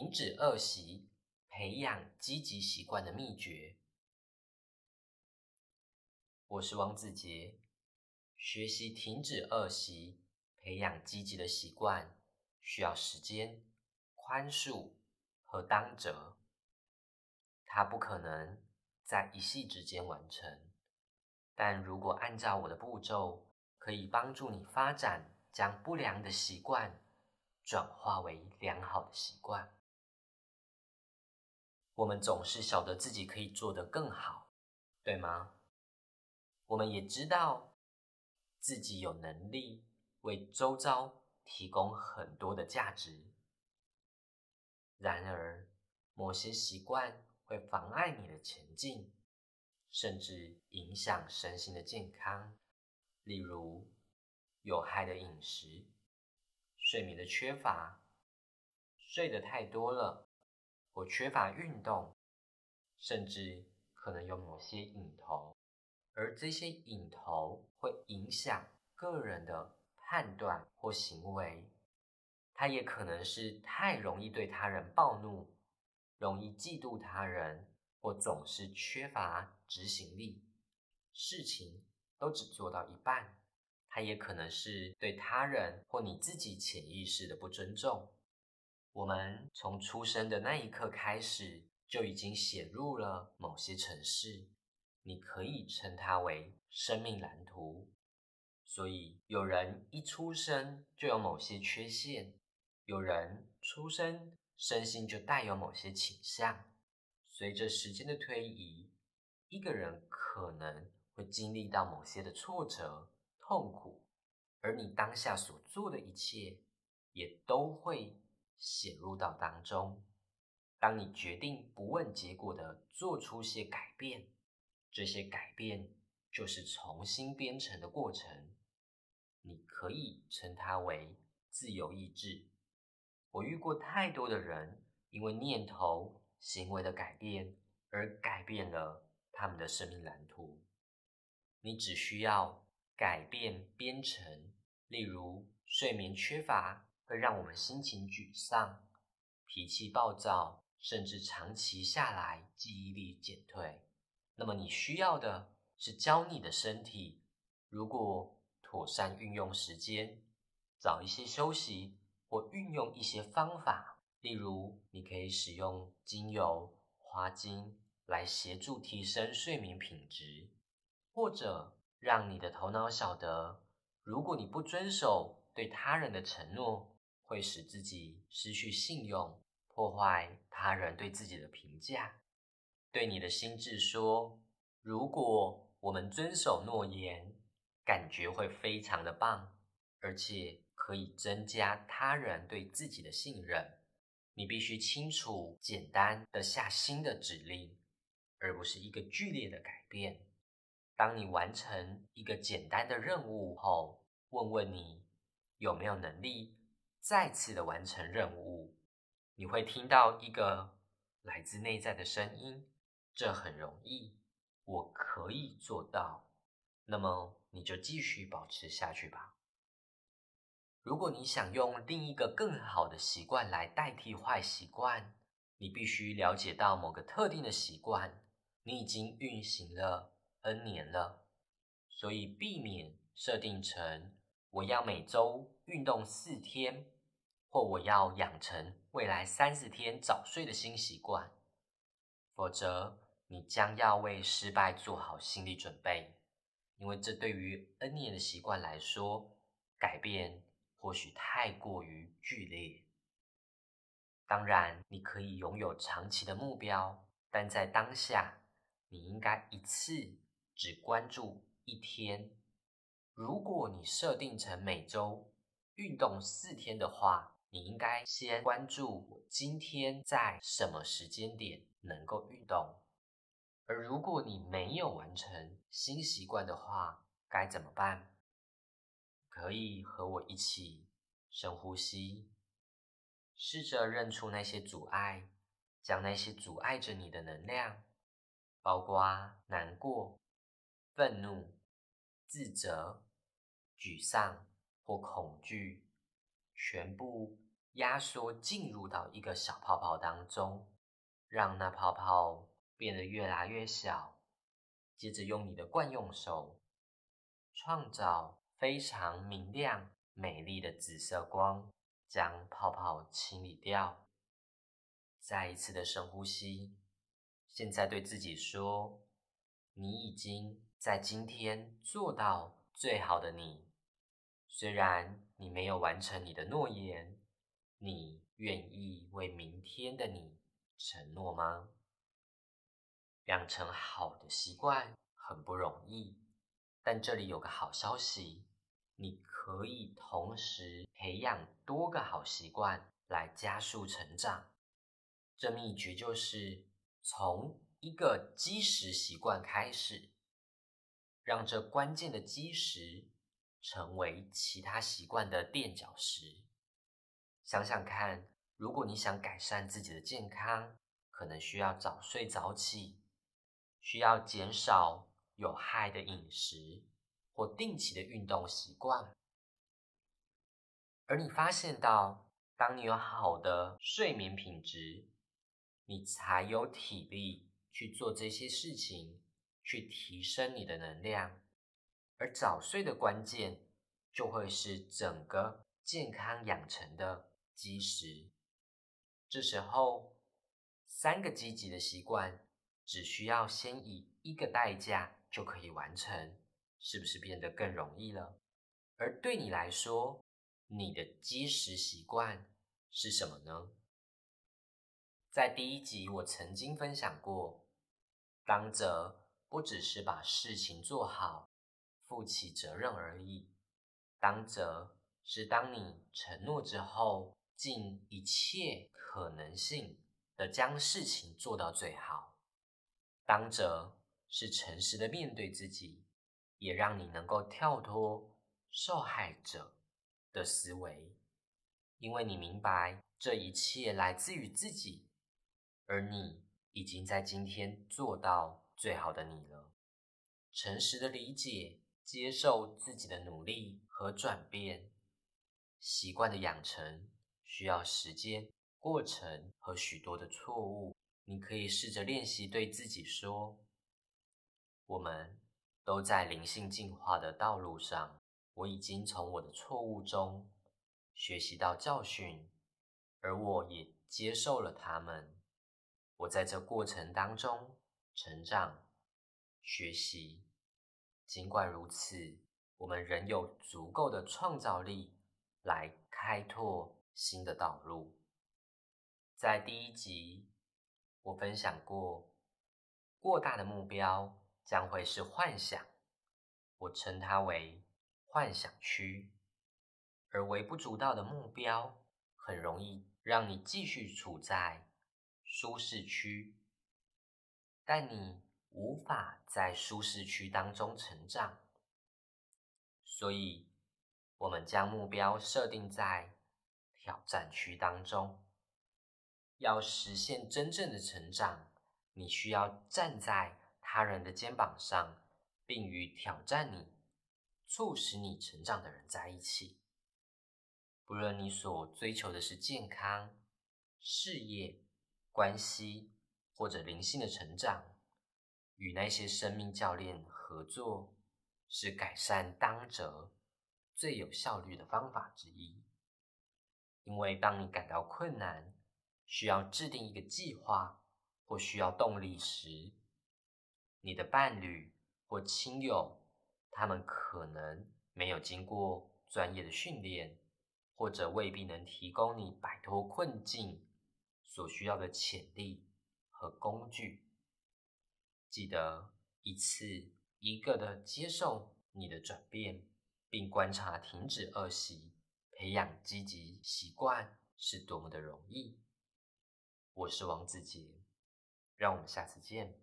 停止惡習、培養積極習慣的秘訣。我是王子杰。學習停止惡習、培養積極的習慣需要時間、寬恕和當責。它不可能在一夕之間完成，但如果按照我的步驟，可以幫助你發展將不良的習慣轉化為良好的習慣。我們總是曉得自己可以做得更好，對嗎？我們也知道自己有能力為周遭提供很多的價值。然而，某些習慣會妨礙你的前進，甚至影響身心的健康。例如，有害的飲食、睡眠的缺乏、睡得太多了。或缺乏運動，甚至可能有某些癮頭，而這些癮頭會影響個人的判斷或行為。他也可能是太容易對他人暴怒，容易嫉妒他人，或總是缺乏執行力，事情都只做到一半。他也可能是對他人或你自己潛意識的不尊重。我們從出生的那一刻開始，就已經寫入了某些程式。你可以稱它為生命藍圖。所以，有人一出生就有某些缺陷，有人出生身心就帶有某些傾向。隨着時間的推移，一個人可能會經歷到某些的挫折、痛苦，而你當下所做的一切，也都會。寫入到當中。當你決定不問結果的做出些改變，這些改變就是重新編程的過程。你可以稱它為自由意志。我遇過太多的人，因為念頭、行為的改變而改變了他們的生命藍圖。你只需要改變編程，例如睡眠缺乏。會讓我們心情沮喪、脾氣暴躁，甚至長期下來記憶力減退。那麼你需要的是教你的身體，如果妥善運用時間，早一些休息，或運用一些方法，例如你可以使用精油、花精來協助提升睡眠品質，或者讓你的頭腦曉得，如果你不遵守對他人的承諾，會使自己失去信用，破壞他人對自己的評價。對你的心智說，如果我們遵守諾言，感覺會非常的棒，而且可以增加他人對自己的信任。你必須清楚簡單的下新的指令，而不是一個劇烈的改變。當你完成一個簡單的任務後，問問你有沒有能力。再次的完成任務，你會聽到一個來自內在的聲音，這很容易，我可以做到。那麼你就繼續保持下去吧。如果你想用另一個更好的習慣來代替壞習慣，你必須了解到某個特定的習慣，你已經運行了 N 年了，所以避免設定成我要每周。運動四天，或我要養成未來三四天早睡的新習慣，否則你將要為失敗做好心理準備，因為這對於 N 年的習慣來說，改變或許太過於劇烈。當然，你可以擁有長期的目標，但在當下，你應該一次只關注一天。如果你設定成每周，運動四天的話，你應該先關注今天在什麼時間點能夠運動。而如果你沒有完成新習慣的話，該怎麼辦？可以和我一起深呼吸，試着認出那些阻礙，將那些阻礙着你的能量，包括難過、憤怒、自責、沮喪。或恐懼，全部壓縮進入到一個小泡泡當中，讓那泡泡變得越來越小。接着用你的慣用手，創造非常明亮美麗的紫色光，將泡泡清理掉。再一次的深呼吸。現在對自己說：“你已經在今天做到最好的你。”雖然你沒有完成你的諾言，你願意為明天的你承諾嗎？養成好的習慣很不容易，但這裡有個好消息，你可以同時培養多個好習慣來加速成長。這秘訣就是從一個基石習慣開始，讓這關鍵的基石。成為其他習慣的墊腳石。想想看，如果你想改善自己的健康，可能需要早睡早起，需要減少有害的飲食或定期的運動習慣。而你發現到，當你有好的睡眠品質，你才有體力去做這些事情，去提升你的能量。而早睡的關鍵，就會是整個健康養成的基石。這時候，三個積極的習慣只需要先以一個代價就可以完成，是不是變得更容易了？而對你來說，你的基石習慣是什麼呢？在第一集我曾經分享過，當責不只是把事情做好，負起責任而已。當責是當你承諾之後，盡一切可能性的將事情做到最好。當責是誠實的面對自己，也讓你能夠跳脫受害者的思維。因為你明白這一切來自於自己，而你已經在今天做到最好的你了。誠實的理解。接受自己的努力和轉變，習慣的養成需要時間、過程和許多的錯誤。你可以試着練習對自己說，我們都在靈性進化的道路上，我已經從我的錯誤中學習到教訓，而我也接受了他們。我在這過程當中成長、學習。儘管如此，我們仍有足夠的創造力來開拓新的道路。在第一集，我分享過，過大的目標將會是幻想，我稱它為幻想區。而微不足道的目標很容易讓你繼續處在舒適區，但你無法在舒適區當中成長，所以我們將目標設定在挑戰區當中。要實現真正的成長，你需要站在他人的肩膀上，並與挑戰你、促使你成長的人在一起。不論你所追求的是健康、事業、關係或者靈性的成長，與那些生命教練合作是改善當責最有效率的方法之一，因為當你感到困難、需要制定一個計劃或需要動力時，你的伴侶或親友，他們可能沒有經過專業的訓練，或者未必能提供你擺脫困境所需要的潛力和工具。記得一次一個的接受你的轉變，並觀察停止惡習、培養積極習慣是多麼的容易。我是王子杰，讓我們下次見。